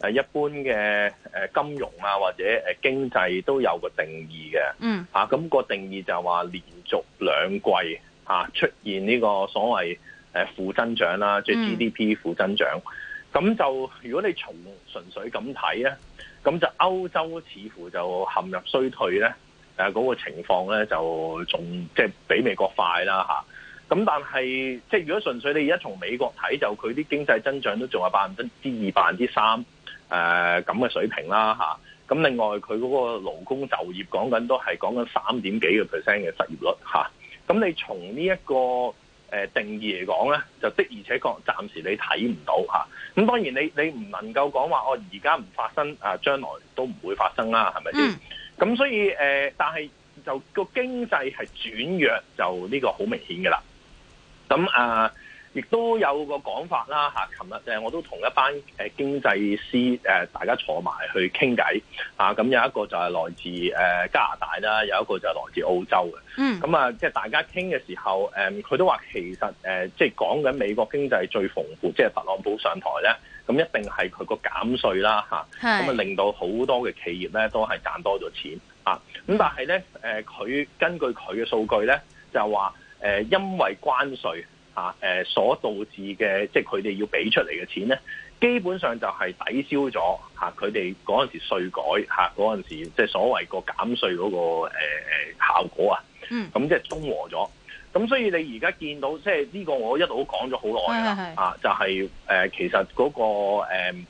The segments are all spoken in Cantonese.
誒一般嘅誒金融啊，或者誒經濟都有個定義嘅，嗯，嚇、啊、咁、那個定義就係話連續兩季嚇、啊、出現呢個所謂誒負增長啦、啊，即、就、係、是、GDP 負增長。咁、嗯、就如果你從純粹咁睇咧，咁就歐洲似乎就陷入衰退咧，誒、那、嗰個情況咧就仲即係比美國快啦嚇。咁、啊、但係即係如果純粹你而家從美國睇，就佢啲經濟增長都仲係百分之二、百分之三。誒、呃，咁嘅水平啦，吓、啊，咁另外佢嗰個勞工就業講緊都係講緊三點幾個 percent 嘅失業率，吓、啊，咁你從呢一個誒、呃、定義嚟講咧，就的而且確暫時你睇唔到吓，咁、啊、當然你你唔能夠講話我而家唔發生，啊將來都唔會發生啦，係咪先？咁、嗯、所以誒、呃，但係就個經濟係轉弱，就呢個好明顯噶啦，咁啊。亦都有個講法啦嚇，琴日誒我都同一班誒經濟師誒大家坐埋去傾偈嚇，咁有一個就係來自誒加拿大啦，有一個就係來，來自澳洲嘅，咁啊即係大家傾嘅時候誒，佢都話其實誒即係講緊美國經濟最豐富，即係特朗普上台咧，咁一定係佢個減稅啦嚇，咁啊令到好多嘅企業咧都係賺多咗錢啊，咁但係咧誒佢根據佢嘅數據咧就話誒因為關稅。嚇、誒所導致嘅，即係佢哋要俾出嚟嘅錢咧，基本上就係抵消咗嚇佢哋嗰陣時稅改，嚇，嗰陣時，即係所謂個減稅嗰個誒效果啊。嗯，咁即係中和咗。咁所以你而家見到，即係呢個我一路都講咗好耐啦。是是是啊，就係誒，其實嗰個誒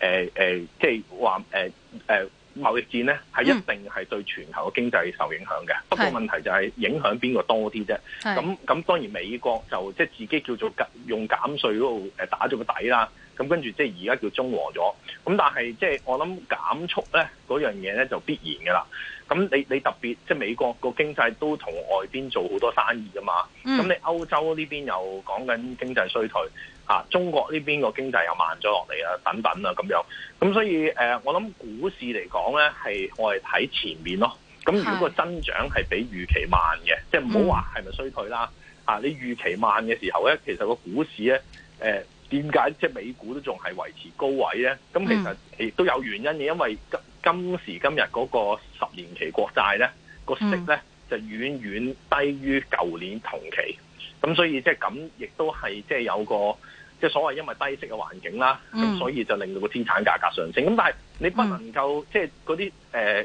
誒即係話誒誒。呃呃呃就是貿、嗯、易戰咧係一定係對全球嘅經濟受影響嘅、嗯，不過問題就係影響邊個多啲啫。咁咁當然美國就即係、就是、自己叫做用減稅嗰度誒打咗個底啦。咁跟住即係而家叫中和咗。咁但係即係我諗減速咧嗰樣嘢咧就必然㗎啦。咁你你特別即係、就是、美國個經濟都同外邊做好多生意㗎嘛。咁、嗯、你歐洲呢邊又講緊經濟衰退。啊、中國呢邊個經濟又慢咗落嚟啊，等等啊咁樣，咁所以誒、呃，我諗股市嚟講咧，係我哋睇前面咯。咁如果個增長係比預期慢嘅，即係唔好話係咪衰退啦、嗯。啊，你預期慢嘅時候咧，其實個股市咧，誒點解即係美股都仲係維持高位咧？咁其實亦都、嗯、有原因嘅，因為今今時今日嗰個十年期國債咧、個息咧、嗯、就遠遠低於舊年同期。咁所以即係咁，亦都係即係有個。即係所謂因為低息嘅環境啦，咁、嗯、所以就令到個資產價格上升。咁但係你不能夠、嗯、即係嗰啲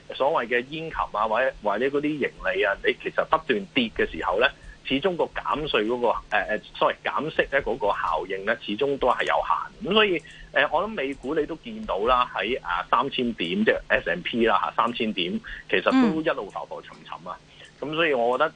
誒所謂嘅 income 啊，或者或者嗰啲盈利啊，你其實不斷跌嘅時候咧，始終個減稅嗰、嗰個誒誒所謂減息咧嗰個效應咧，始終都係有限。咁所以誒、呃，我諗美股你都見到在 3,、就是、啦，喺啊三千點即係 S&P 啦嚇三千點，其實都一路浮浮沉沉啊。咁所以我覺得。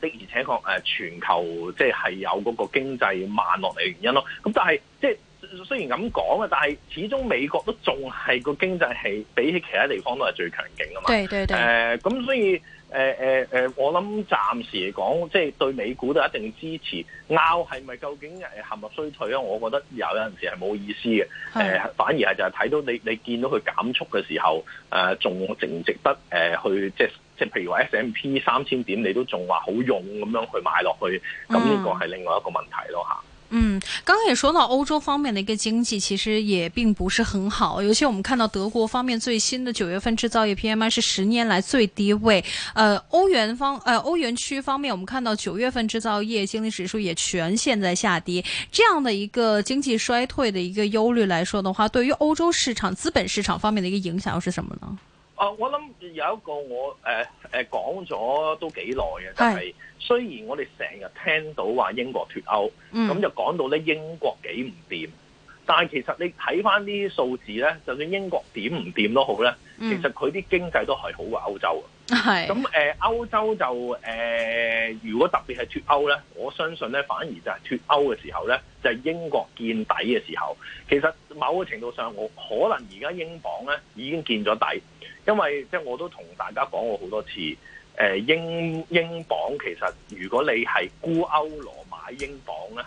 的而且確誒，全球即係有嗰個經濟慢落嚟嘅原因咯。咁但係即係雖然咁講啊，但係始終美國都仲係個經濟係比起其他地方都係最強勁噶嘛。對對對。誒、呃，咁所以誒誒誒，我諗暫時嚟講，即、就、係、是、對美股都一定支持。拗係咪究竟誒陷入衰退啊？我覺得有有陣時係冇意思嘅。誒、呃，反而係就係睇到你你見到佢減速嘅時候，誒、呃、仲值唔值得誒、呃、去即？譬如話 S M P 三千點，你都仲話好用咁樣去買落去，咁呢個係另外一個問題咯嚇。嗯，剛剛也講到歐洲方面嘅一個經濟，其實也並不是很好。尤其我們看到德國方面最新的九月份製造業 P M I 是十年來最低位。誒、呃，歐元方誒、呃、歐元區方面，我們看到九月份製造業經濟指數也全線在下跌。這樣的，一個經濟衰退嘅一個憂慮來說的話，對於歐洲市場資本市場方面嘅一個影響又係什麼呢？啊！我諗有一個我誒誒講咗都幾耐嘅，就係雖然我哋成日聽到話英國脱歐，咁就講到咧英國幾唔掂。但其實你睇翻啲數字咧，就算英國點唔掂都好咧、嗯，其實佢啲經濟都係好過歐洲咁誒、呃，歐洲就誒、呃，如果特別係脱歐咧，我相信咧，反而就係脱歐嘅時候咧，就係、是、英國見底嘅時候。其實某個程度上我，我可能而家英鎊咧已經見咗底，因為即係、就是、我都同大家講過好多次，誒、呃、英英鎊其實如果你係沽歐羅買英鎊咧。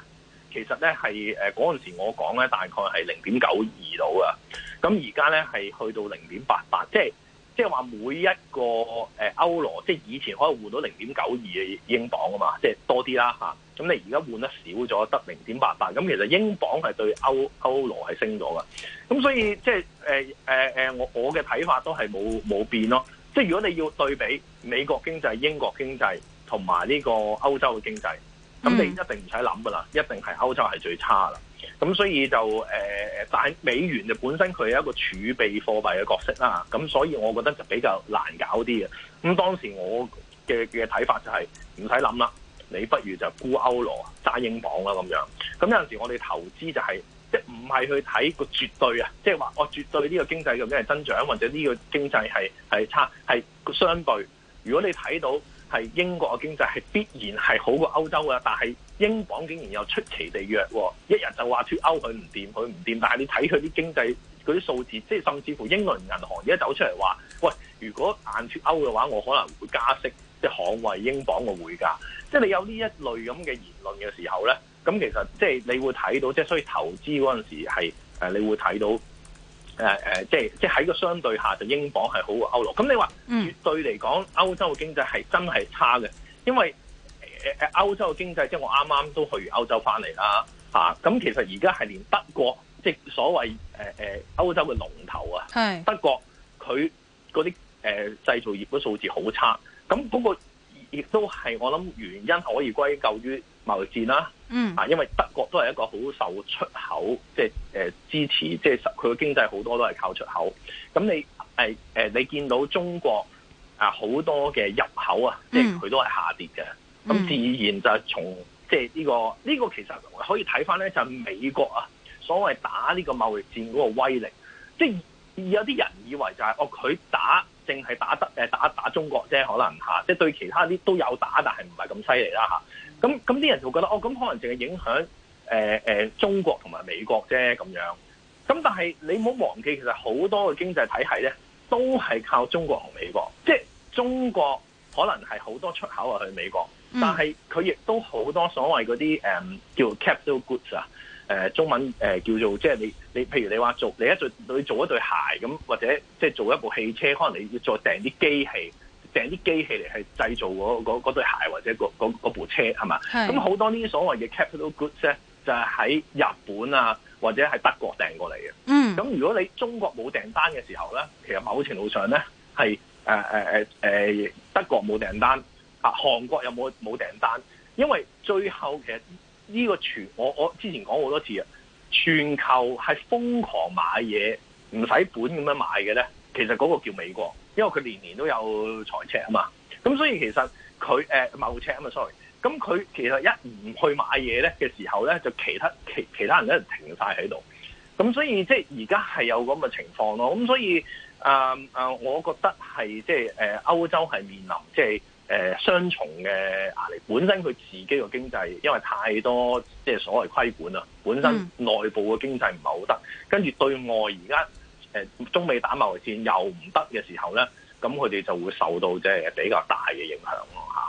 其實咧係誒嗰陣時我講咧大概係零點九二度啊。咁而家咧係去到零點八八，即係即係話每一個誒歐羅，即係以前可以換到零點九二嘅英鎊啊嘛，即係多啲啦嚇。咁你而家換得少咗，得零點八八。咁其實英鎊係對歐歐羅係升咗噶，咁所以即係誒誒誒，我我嘅睇法都係冇冇變咯。即係如果你要對比美國經濟、英國經濟同埋呢個歐洲嘅經濟。咁你一定唔使諗噶啦，一定係歐洲係最差啦。咁所以就誒、呃，但美元就本身佢係一個儲備貨幣嘅角色啦。咁所以我覺得就比較難搞啲嘅。咁當時我嘅嘅睇法就係唔使諗啦，你不如就沽歐羅揸英鎊啦咁樣。咁有陣時我哋投資就係即唔係去睇個絕對啊，即係話我絕對呢個經濟究竟係增長，或者呢個經濟係係差係相對。如果你睇到。係英國嘅經濟係必然係好過歐洲嘅，但係英鎊竟然又出奇地弱，一人就話脫歐佢唔掂佢唔掂。但係你睇佢啲經濟嗰啲數字，即係甚至乎英倫銀行而家走出嚟話，喂，如果硬脫歐嘅話，我可能會加息，即係捍衛英鎊嘅匯價。即係你有呢一類咁嘅言論嘅時候咧，咁其實即係你會睇到，即係所以投資嗰陣時係誒，你會睇到。誒、呃、即係即係喺個相對下，就英鎊係好過歐羅。咁你話絕、嗯、對嚟講，歐洲嘅經濟係真係差嘅，因為誒、呃、歐洲嘅經濟，即係我啱啱都去歐洲翻嚟啦嚇。咁、啊、其實而家係連德國，即所謂誒、呃、歐洲嘅龍頭啊，係德國佢嗰啲誒製造業嘅數字好差。咁嗰個亦都係我諗原因可以歸咎於。貿易戰啦，嗯，啊，因為德國都係一個好受出口，即係誒支持，即係佢嘅經濟好多都係靠出口。咁你係誒、呃呃、你見到中國啊好多嘅入口啊，即係佢都係下跌嘅。咁自然就係從即係呢個呢、呢個其實可以睇翻咧，就係、是、美國啊所謂打呢個貿易戰嗰個威力。即、就、係、是、有啲人以為就係、是、哦佢打，淨係打得誒打打中國啫，可能嚇，即、啊、係、就是、對其他啲都有打，但係唔係咁犀利啦嚇。啊咁咁啲人就會覺得哦，咁可能淨係影響誒、呃呃、中國同埋美國啫咁樣。咁但係你唔好忘記，其實好多嘅經濟體系咧，都係靠中國同美國。即、就、係、是、中國可能係好多出口係去美國，嗯、但係佢亦都好多所謂嗰啲誒叫做 capital goods 啊、呃，中文誒、呃、叫做即係、就是、你你譬如你話做你一做你做一對鞋咁、嗯，或者即係做一部汽車，可能你要再訂啲機器。訂啲機器嚟，係製造嗰嗰對鞋或者嗰部車係嘛，咁好多呢啲所謂嘅 capital goods 咧，就係喺日本啊或者喺德國訂過嚟嘅。咁、嗯、如果你中國冇訂單嘅時候咧，其實某程度上咧係誒誒誒誒德國冇訂單，啊韓國又冇冇訂單，因為最後其實呢個全我我之前講好多次啊，全球係瘋狂買嘢，唔使本咁樣買嘅咧，其實嗰個叫美國。因為佢年年都有財赤啊嘛，咁所以其實佢誒、呃、貿赤啊嘛，Sorry，咁佢其實一唔去買嘢咧嘅時候咧，就其他其其他人咧停晒喺度，咁所以即係而家係有咁嘅情況咯，咁所以啊啊、呃，我覺得係即係誒歐洲係面臨即係誒、呃、雙重嘅壓力，本身佢自己個經濟因為太多即係所謂的虧本啊，本身內部嘅經濟唔係好得，跟住對外而家。誒，中美打貿戰又唔得嘅時候咧，咁佢哋就會受到即係比較大嘅影響咯嚇。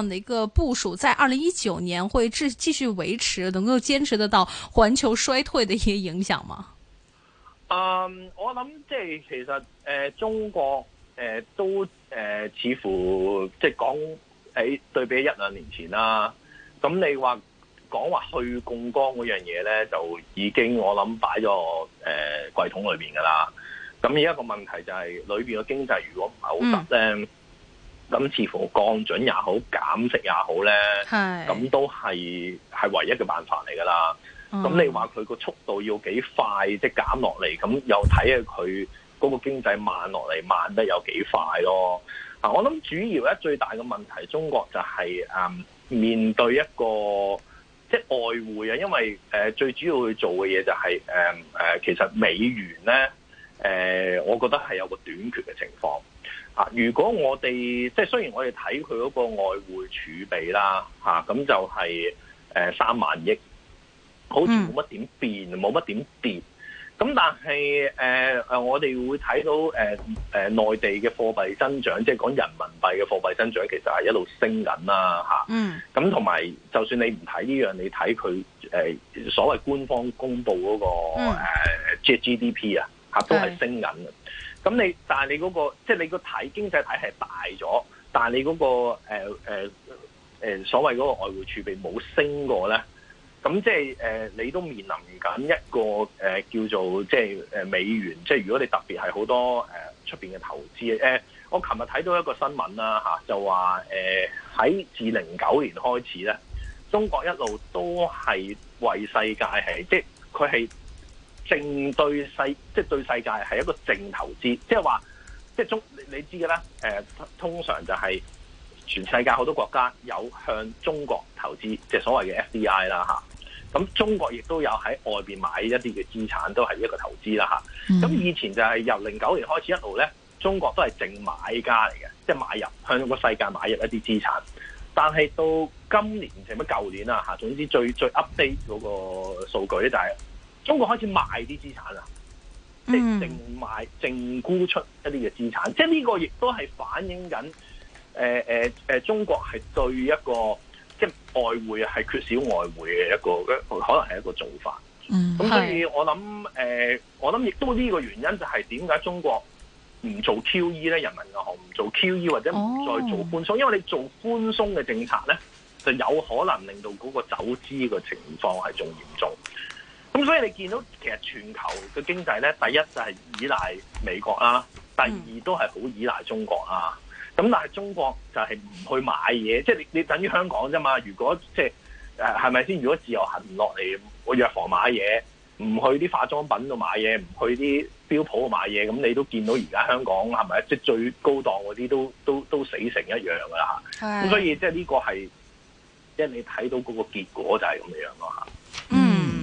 嘅一個部署，在二零一九年會繼繼續維持，能夠堅持得到環球衰退嘅一些影響嗎？Um, 我諗即係其實誒、呃，中國誒、呃、都誒、呃、似乎即係講誒對比一兩年前啦。咁你話講話去杠杆嗰樣嘢咧，就已經我諗擺咗誒櫃桶裏邊噶啦。咁而家個問題就係、是、裏邊嘅經濟如果唔係好得咧。嗯咁似乎降準也好，減息也好咧，咁都係係唯一嘅辦法嚟噶啦。咁、嗯、你話佢個速度要幾快，即減落嚟，咁又睇下佢嗰個經濟慢落嚟慢得有幾快咯。啊，我諗主要咧最大嘅問題，中國就係、是嗯、面對一個即係外匯啊，因為、呃、最主要去做嘅嘢就係、是呃呃、其實美元咧、呃、我覺得係有個短缺嘅情況。啊！如果我哋即係雖然我哋睇佢嗰個外匯儲備啦，吓咁就係誒三萬億，好似冇乜點變，冇乜點跌。咁但係誒誒，我哋會睇到誒誒內地嘅貨幣增長，即係講人民幣嘅貨幣增長，其實係一路升緊啦，吓。嗯。咁同埋，就算你唔睇呢樣，你睇佢誒所謂官方公布嗰個誒即係 GDP 啊，嗯，吓都係升緊。咁你，但係你嗰、那個，即係你個體經濟體係大咗，但係你嗰、那個誒誒、呃呃、所謂嗰個外匯儲備冇升過咧，咁即係誒、呃、你都面臨緊一個誒、呃、叫做即係誒美元，即係如果你特別係好多誒出邊嘅投資誒、呃，我琴日睇到一個新聞啦嚇、啊，就話誒喺自零九年開始咧，中國一路都係為世界係即係佢係正對世，即係對世界係一個淨投資，即係話即係中你知嘅啦。誒，通常就係全世界好多國家有向中國投資，即係所謂嘅 FDI 啦，吓。咁中國亦都有喺外邊買一啲嘅資產，都係一個投資啦，吓。咁以前就係由零九年開始一路咧，中國都係淨買家嚟嘅，即係買入向個世界買入一啲資產。但係到今年，即係乜舊年啦，吓。總之最最 update 嗰個數據咧就係。中國開始賣啲資產啦、嗯，即係淨賣淨沽出一啲嘅資產，即係呢個亦都係反映緊，誒誒誒，中國係對一個即係外匯係缺少外匯嘅一個，可能係一個做法。咁、嗯、所以我諗，誒、呃、我諗亦都呢個原因就係點解中國唔做 QE 咧？人民銀行唔做 QE 或者唔再做寬鬆、哦，因為你做寬鬆嘅政策咧，就有可能令到嗰個走資嘅情況係仲嚴重。咁所以你見到其實全球嘅經濟咧，第一就係依賴美國啦，第二都係好依賴中國啊。咁、嗯、但係中國就係唔去買嘢，即、就、係、是、你你等於香港啫嘛。如果即係誒係咪先？如果自由行唔落嚟，我藥房買嘢，唔去啲化妝品度買嘢，唔去啲標普買嘢，咁你都見到而家香港係咪即係最高檔嗰啲都都都死成一樣噶啦？咁所以即係呢個係即係你睇到嗰個結果就係咁嘅樣咯嚇。嗯。嗯。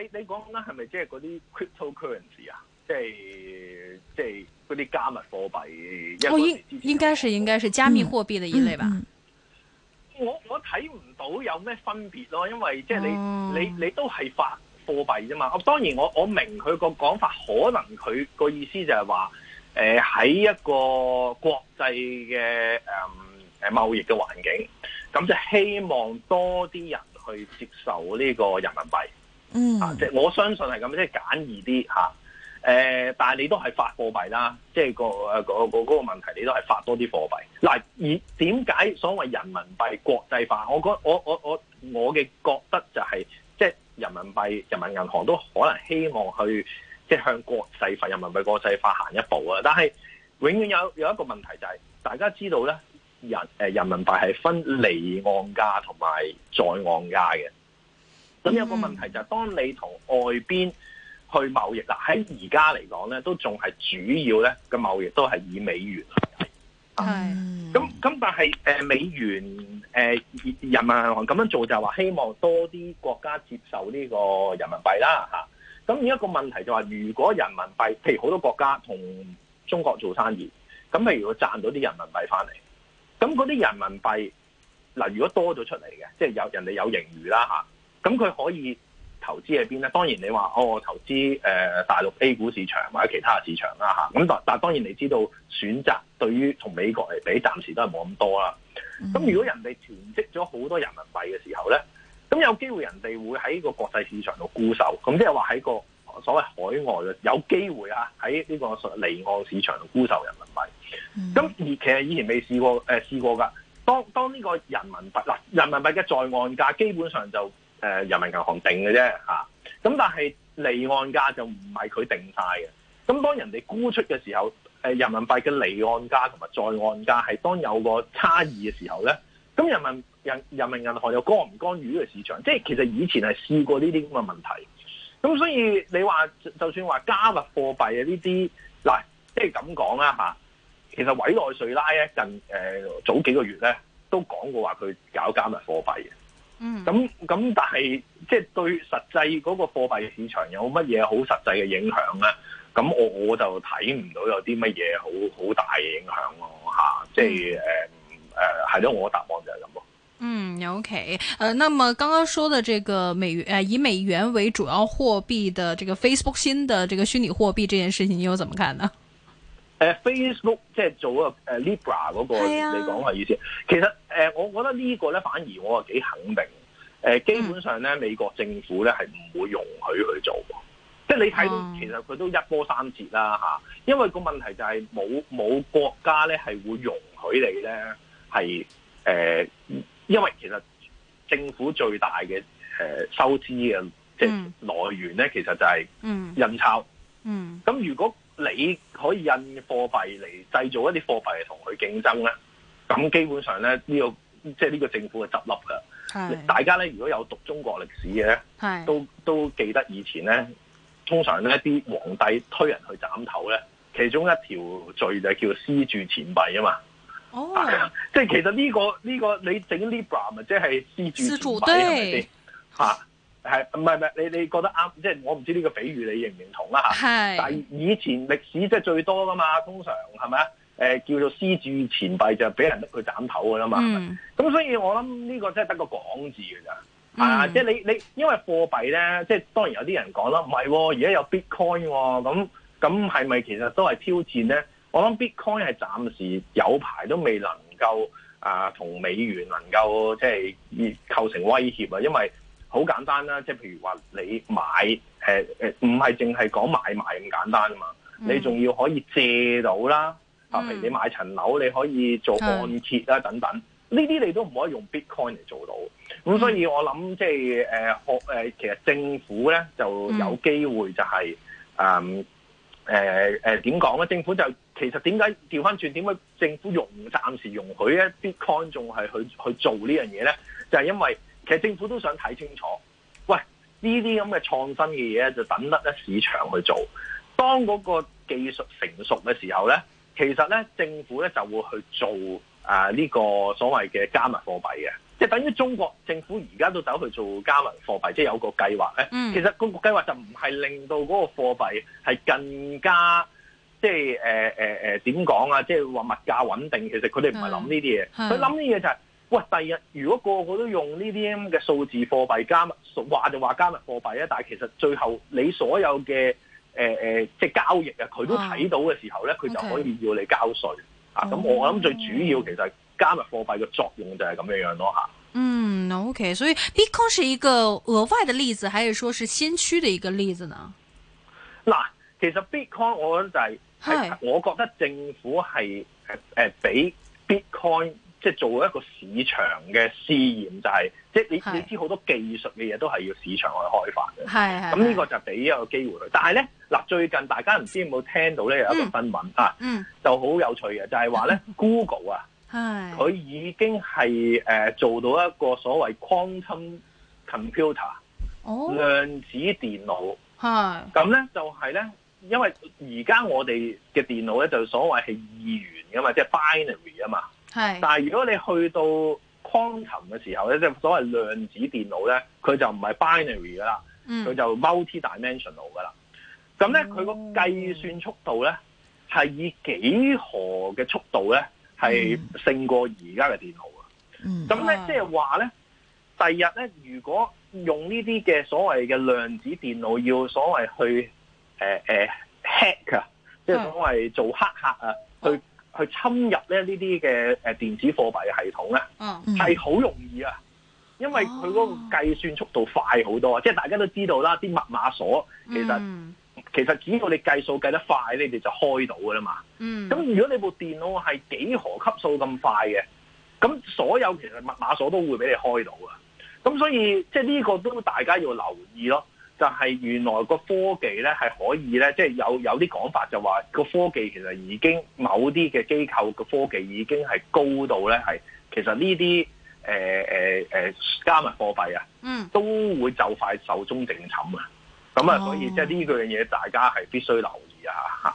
你你講咧，係咪即係嗰啲 crypto currency 啊？即係即係嗰啲加密貨幣？哦，應應該是應該是加密貨幣嘅一類吧？嗯嗯、我我睇唔到有咩分別咯，因為即係你、嗯、你你都係發貨幣啫嘛。我當然我我明佢個講法，可能佢個意思就係話，誒、呃、喺一個國際嘅誒誒貿易嘅環境，咁就希望多啲人去接受呢個人民幣。嗯，啊， 即係我相信係咁，即係簡易啲吓，誒，但係你都係發貨幣啦，即係個誒，嗰嗰個問題，你都係發多啲貨幣。嗱，而點解所謂人民幣國際化？我我我我我嘅覺得就係，即係人民幣人民銀行都可能希望去，即係向國際化、人民幣國際化行一步啊。但係永遠有有一個問題就係、係，大家知道咧，人誒，人民幣係分離岸價同埋在岸價嘅。咁有個問題就係，當你同外邊去貿易嗱，喺而家嚟講咧，都仲係主要咧嘅貿易都係以美元嚟。咁、mm. 咁，但係誒美元誒、呃、人民銀行咁樣做就話希望多啲國家接受呢個人民幣啦嚇。咁而一個問題就係，如果人民幣譬如好多國家同中國做生意，咁譬如要賺到啲人民幣翻嚟，咁嗰啲人民幣嗱，如果多咗出嚟嘅，即係有人哋有盈餘啦嚇。咁佢可以投資喺邊咧？當然你話哦，我投資誒、呃、大陸 A 股市場或者其他市場啦咁、吓、但但當然你知道選擇對於同美國嚟比，暫時都係冇咁多啦。咁如果人哋囤積咗好多人民幣嘅時候咧，咁有機會人哋會喺個國際市場度沽售。咁即係話喺個所謂海外嘅有機會啊，喺呢個離岸市場度沽售人民幣。咁而其實以前未試過誒、呃、試過㗎。當當呢個人民幣嗱，人民幣嘅在岸價基本上就。誒、呃、人民銀行定嘅啫嚇，咁但係離岸價就唔係佢定晒嘅。咁當人哋沽出嘅時候、呃，人民幣嘅離岸價同埋在岸價係當有個差異嘅時候咧，咁人民人人民銀行又干唔干預呢個市場？即係其實以前係試過呢啲咁嘅問題。咁所以你話就算話加密貨幣、就是、啊呢啲，嗱即係咁講啦嚇。其實委內瑞拉近誒、呃、早幾個月咧都講過話佢搞加密貨幣嘅。嗯，咁咁但係即係對實際嗰個貨幣市場有乜嘢好實際嘅影響咧？咁我我就睇唔到有啲乜嘢好好大嘅影響咯吓、啊，即係誒誒係咯，我嘅答案就係咁咯。嗯，OK，誒、呃，那麼剛剛說的這個美誒、呃、以美元為主要貨幣的這個 Facebook 新的這個虛擬貨幣這件事情，你又怎麼看呢？誒 Facebook 即係做個 Libra 嗰、那個，啊、你講個意思，其實誒我覺得呢個咧反而我啊幾肯定。誒基本上咧，美國政府咧係唔會容許去做、嗯，即係你睇到其實佢都一波三折啦嚇。因為個問題就係冇冇國家咧係會容許你咧係誒，因為其實政府最大嘅誒收支嘅即係來源咧，其實就係印鈔。嗯，咁如果你可以印貨幣嚟製造一啲貨幣同佢競爭啦，咁基本上咧呢個即係呢個政府嘅執笠啦。係，大家咧如果有讀中國歷史嘅咧，係都都記得以前咧，通常咧啲皇帝推人去斬頭咧，其中一條罪就係叫做私鑄錢幣啊嘛。哦、oh. 啊，即係其實呢、這個呢、這個你整 Libra 咪即係私鑄錢幣係咪先？啊！係唔係唔係？你你覺得啱？即係我唔知呢個比喻你認唔認同啦嚇。但係以前歷史即係最多噶嘛，通常係咪啊？誒、呃、叫做私鑄錢幣就俾人去斬頭噶啦嘛。咁、嗯、所以我諗呢個真係得個講字㗎咋啊！即係你你，因為貨幣咧，即係當然有啲人講啦，唔係而家有 Bitcoin 咁咁係咪其實都係挑戰咧？我諗 Bitcoin 係暫時有排都未能夠啊同美元能夠即係構成威脅啊，因為。好簡單啦，即係譬如話你買誒誒，唔係淨係講買賣咁簡單啊嘛，你仲要可以借到啦，啊，譬如你買層樓，你可以做按揭啦等等，呢啲你都唔可以用 Bitcoin 嚟做到。咁所以我諗即係誒學誒，其實政府咧就有機會就係誒誒誒點講咧？政府就其實點解調返轉，點解政府容暫時容許咧 Bitcoin 仲係去去做這件事呢樣嘢咧？就係、是、因為。其實政府都想睇清楚，喂，呢啲咁嘅創新嘅嘢咧，就等得一市場去做。當嗰個技術成熟嘅時候咧，其實咧政府咧就會去做啊呢、這個所謂嘅加密貨幣嘅，即係等於中國政府而家都走去做加密貨幣，即係有個計劃咧。其實嗰個計劃就唔係令到嗰個貨幣係更加即係誒誒誒點講啊？即係話、呃呃、物價穩定，其實佢哋唔係諗呢啲嘢，佢諗呢嘢就係、是。喂，第二日，如果個個都用呢啲咁嘅數字貨幣加密，話就話加密貨幣啊，但係其實最後你所有嘅誒誒，即係交易的啊，佢都睇到嘅時候咧，佢就可以要你交稅、okay. 啊。咁我諗最主要其實係加密貨幣嘅作用就係咁樣樣咯嚇。嗯，OK，所以 Bitcoin 是一個額外的例子，還是說是先驅的一個例子呢？嗱，其實 Bitcoin 我就係、是，係我覺得政府係誒誒俾 Bitcoin。即係做一個市場嘅試驗，就係即係你你知好多技術嘅嘢都係要市場去開發嘅。係係。咁呢個就俾一個機會佢。但係咧嗱，最近大家唔知有冇聽到咧有一個新聞，嗯嗯、啊，就好有趣嘅，就係話咧 Google 啊，佢已經係誒、呃、做到一個所謂 quantum computer、哦、量子電腦。係。咁咧就係、是、咧，因為而家我哋嘅電腦咧就所謂係二元㗎嘛，即、就、係、是、binary 啊嘛。係，但係如果你去到 Quantum 嘅時候咧，即、就、係、是、所謂量子電腦咧，佢就唔係 binary 㗎啦，佢、嗯、就 multi-dimensional 㗎啦。咁咧佢個計算速度咧係、嗯、以幾何嘅速度咧係勝過而家嘅電腦啊。咁、嗯、咧即係話咧，第日咧如果用呢啲嘅所謂嘅量子電腦要所謂去誒誒、呃呃、hack 啊，即係所謂做黑客啊、哦，去。去侵入咧呢啲嘅誒電子貨幣系統咧，係、哦、好、嗯、容易啊！因為佢嗰個計算速度快好多，哦、即係大家都知道啦，啲密碼鎖其實、嗯、其實只要你計數計得快咧，你就開到噶啦嘛。咁、嗯、如果你部電腦係幾何級數咁快嘅，咁所有其實密碼鎖都會俾你開到㗎。咁所以即係呢個都大家要留意咯。但係原來個科技咧係可以咧，即係有有啲講法就話，個科技其實已經，某啲嘅機構個科技已經係高到咧係，其實呢啲誒誒誒加密貨幣啊，嗯，都會就快壽終正寢啊，咁啊，所以即係呢個嘢大家係必須留意下嚇。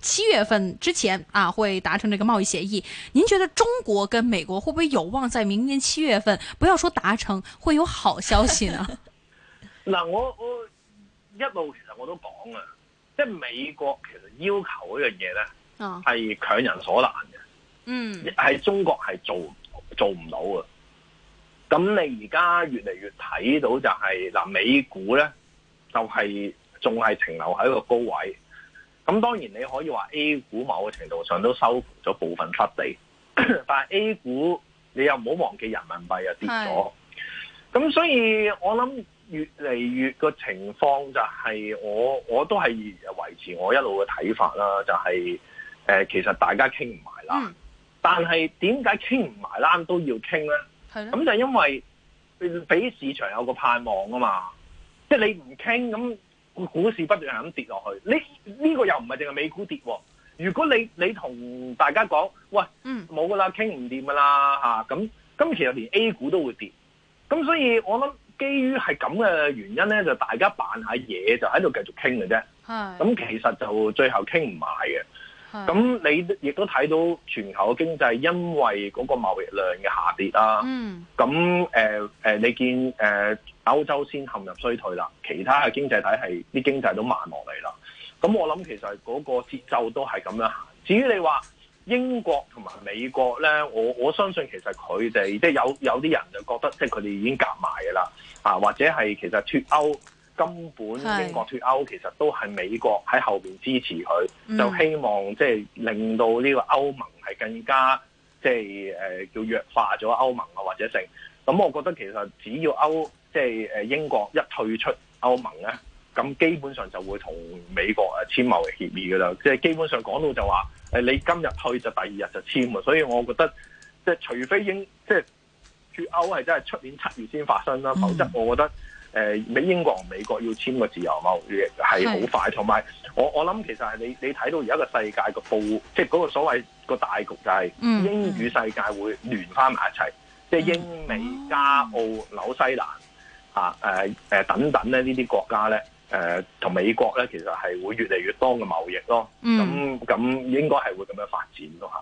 七月份之前啊，會達成這個貿易協議。您覺得中國跟美國會不會有望在明年七月份？不要說達成，會有好消息呢？嗱， 我我一路其實我都講啊，即係美國其實要求嗰樣嘢咧，係強人所難嘅。嗯、哦，喺中國係做做唔到嘅。咁你而家越嚟越睇到就係、是、嗱，美股咧就係仲係停留喺一個高位。咁當然你可以話 A 股某個程度上都收復咗部分失地， 但係 A 股你又唔好忘記人民幣又跌咗，咁所以我諗越嚟越個情況就係我我都係維持我一路嘅睇法啦、就係，就、呃、係其實大家傾唔埋啦，嗯、但係點解傾唔埋啦都要傾咧？咁就因為俾市場有個盼望啊嘛，即、就、係、是、你唔傾咁。股股市不斷係咁跌落去，呢呢個又唔係淨係美股跌、啊。如果你你同大家講，喂，嗯，冇噶啦，傾唔掂噶啦吓，咁、啊、咁、嗯嗯、其實連 A 股都會跌。咁、嗯、所以我諗基於係咁嘅原因咧，就大家扮下嘢就喺度繼續傾嘅啫。咁、嗯，其實就最後傾唔埋嘅。咁你亦都睇到全球嘅經濟因為嗰個貿易量嘅下跌啦，咁誒、嗯呃呃、你見誒、呃、歐洲先陷入衰退啦，其他嘅經濟體系啲經濟都慢落嚟啦。咁我諗其實嗰個節奏都係咁樣行。至於你話英國同埋美國咧，我我相信其實佢哋即係有有啲人就覺得即係佢哋已經夾埋嘅啦，啊或者係其實脱歐。根本英國脱歐其實都係美國喺後邊支持佢，嗯、就希望即係令到呢個歐盟係更加即係誒叫弱化咗歐盟啊或者成。咁我覺得其實只要歐即係誒英國一退出歐盟咧，咁基本上就會同美國誒簽貿易協議噶啦。即、就、係、係、基本上講到就話誒，你今日退就第二日就簽啊。所以我覺得即係除非英即係脱歐係真係出年七月先發生啦，嗯、否則我覺得。誒，美英國同美國要簽個自由貿易係好快，同埋我我諗其實係你你睇到而家個世界個布，即係嗰個所謂個大局就係英語世界會聯翻埋一齊，即、嗯、係、就係、英美加澳紐西蘭嚇、嗯啊呃、等等咧呢啲國家咧誒同美國咧其實係會越嚟越多嘅貿易咯，咁、嗯、咁應該係會咁樣發展咯嚇。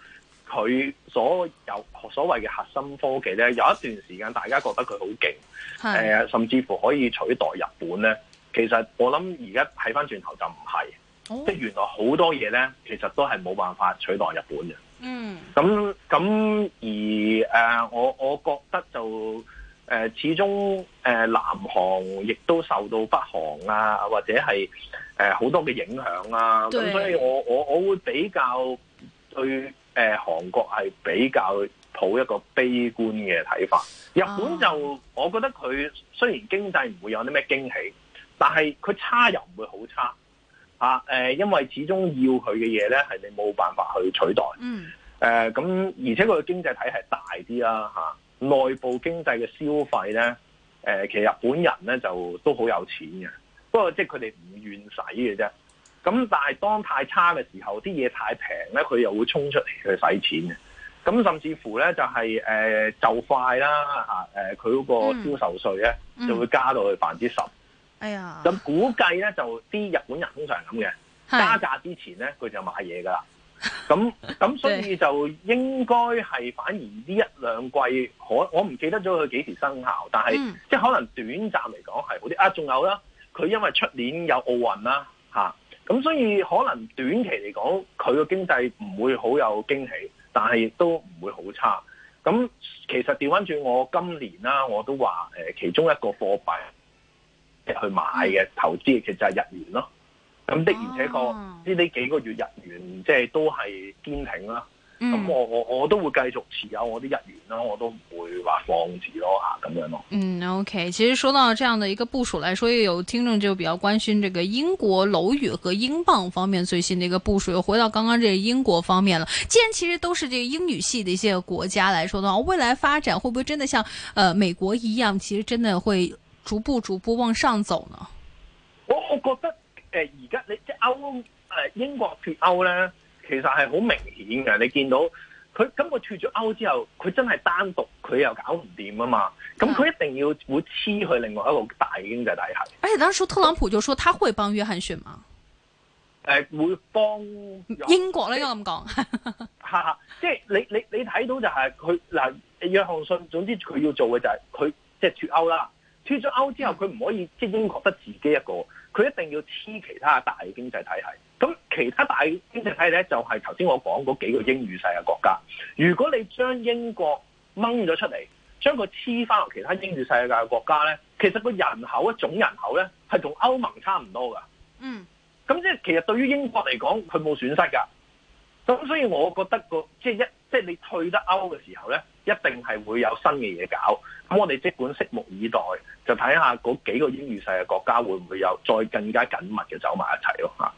佢所有所謂嘅核心科技咧，有一段時間大家覺得佢好勁，誒、呃，甚至乎可以取代日本咧。其實我諗而家睇翻轉頭就唔係、哦，即係原來好多嘢咧，其實都係冇辦法取代日本嘅。嗯，咁咁而誒、呃，我我覺得就誒、呃，始終誒、呃，南韓亦都受到北韓啊，或者係誒好多嘅影響啊。咁所以我我我會比較對。誒、呃，韓國係比較抱一個悲觀嘅睇法，日本就、oh. 我覺得佢雖然經濟唔會有啲咩驚喜，但係佢差又唔會好差啊！誒、呃，因為始終要佢嘅嘢咧，係你冇辦法去取代。嗯、mm. 呃。誒，咁而且佢嘅經濟體系是大啲啦，吓、啊、內部經濟嘅消費咧，誒、呃，其實日本人咧就都好有錢嘅，不過即係佢哋唔願使嘅啫。咁但係當太差嘅時候，啲嘢太平咧，佢又會衝出嚟去使錢嘅。咁甚至乎咧就係、是、誒、呃、就快啦嚇，佢嗰個銷售稅咧就會加到去百分之十。哎呀！咁估計咧就啲日本人通常咁嘅加價之前咧，佢就買嘢㗎啦。咁咁所以就應該係反而呢一兩季，可我唔記得咗佢幾時生效，但係、嗯、即係可能短暫嚟講係好啲。啊，仲有啦，佢因為出年有奧運啦、啊咁所以可能短期嚟講，佢嘅經濟唔會好有驚喜，但係亦都唔會好差。咁其實調翻轉，我今年啦，我都話誒，其中一個貨幣去買嘅投資，其實就係日元咯。咁的而且確呢呢幾個月日元即係都係堅挺啦。咁、嗯、我我我都會繼續持有我啲日元咯，我都唔會話放棄咯嚇咁樣咯。嗯，OK，其實說到這樣的一個部署來說，有聽眾就比較關心這個英國樓宇和英鎊方面最新的一個部署。又回到剛剛這個英國方面了，既然其實都是這個英語係的一些國家來說的話，未來發展會不會真的像呃美國一樣，其實真的會逐步逐步往上走呢？我我覺得誒，而家你即歐、呃、英國脱歐咧。其實係好明顯嘅，你見到佢咁個脱咗歐之後，佢真係單獨佢又搞唔掂啊嘛，咁佢一定要會黐去另外一個大經濟體系，嗯。而且當時特朗普就說他會幫約翰遜嗎？誒、呃，會幫英國呢要咁講，即 係 你你你睇到就係佢嗱，約翰遜，總之佢要做嘅就係佢即係脱歐啦。就是脱咗歐之後，佢唔可以即係英國得自己一個，佢一定要黐其,其他大經濟體系。咁其他大經濟體系咧，就係頭先我講嗰幾個英語世界國家。如果你將英國掹咗出嚟，將佢黐翻落其他英語世界嘅國家咧，其實個人口一種人口咧，係同歐盟差唔多噶。嗯，咁即係其實對於英國嚟講，佢冇損失噶。咁所以我覺得個即係一即係、就是、你退得歐嘅時候咧。一定係會有新嘅嘢搞，咁我哋即管拭目以待，就睇下嗰幾個英語世界嘅國家會唔會有再更加緊密嘅走埋一齊咯，吓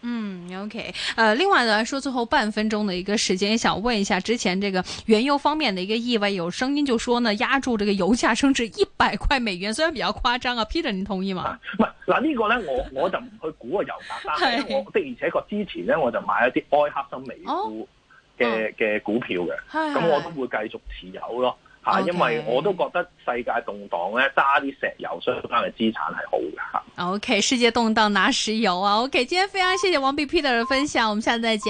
嗯，ok、呃、另外呢說，最後半分鐘嘅一個時間，想問一下，之前這個原油方面的一個意外，有聲音就說呢，押注這個油價升至一百塊美元，雖然比較誇張啊 peter 你同意嗎？嗱呢、啊啊這個呢，我我就唔去估個油價，但係我的而且確之前呢，我就買咗一啲埃克森美孚嘅嘅股票嘅，咁、oh. 我都會繼續持有咯，吓、oh. okay.，因為我都覺得世界動盪咧，揸啲石油相關嘅資產係好嘅吓 OK，世界動盪拿石油啊！OK，今天非常謝謝王弼 Peter 嘅分享，我們下次再見。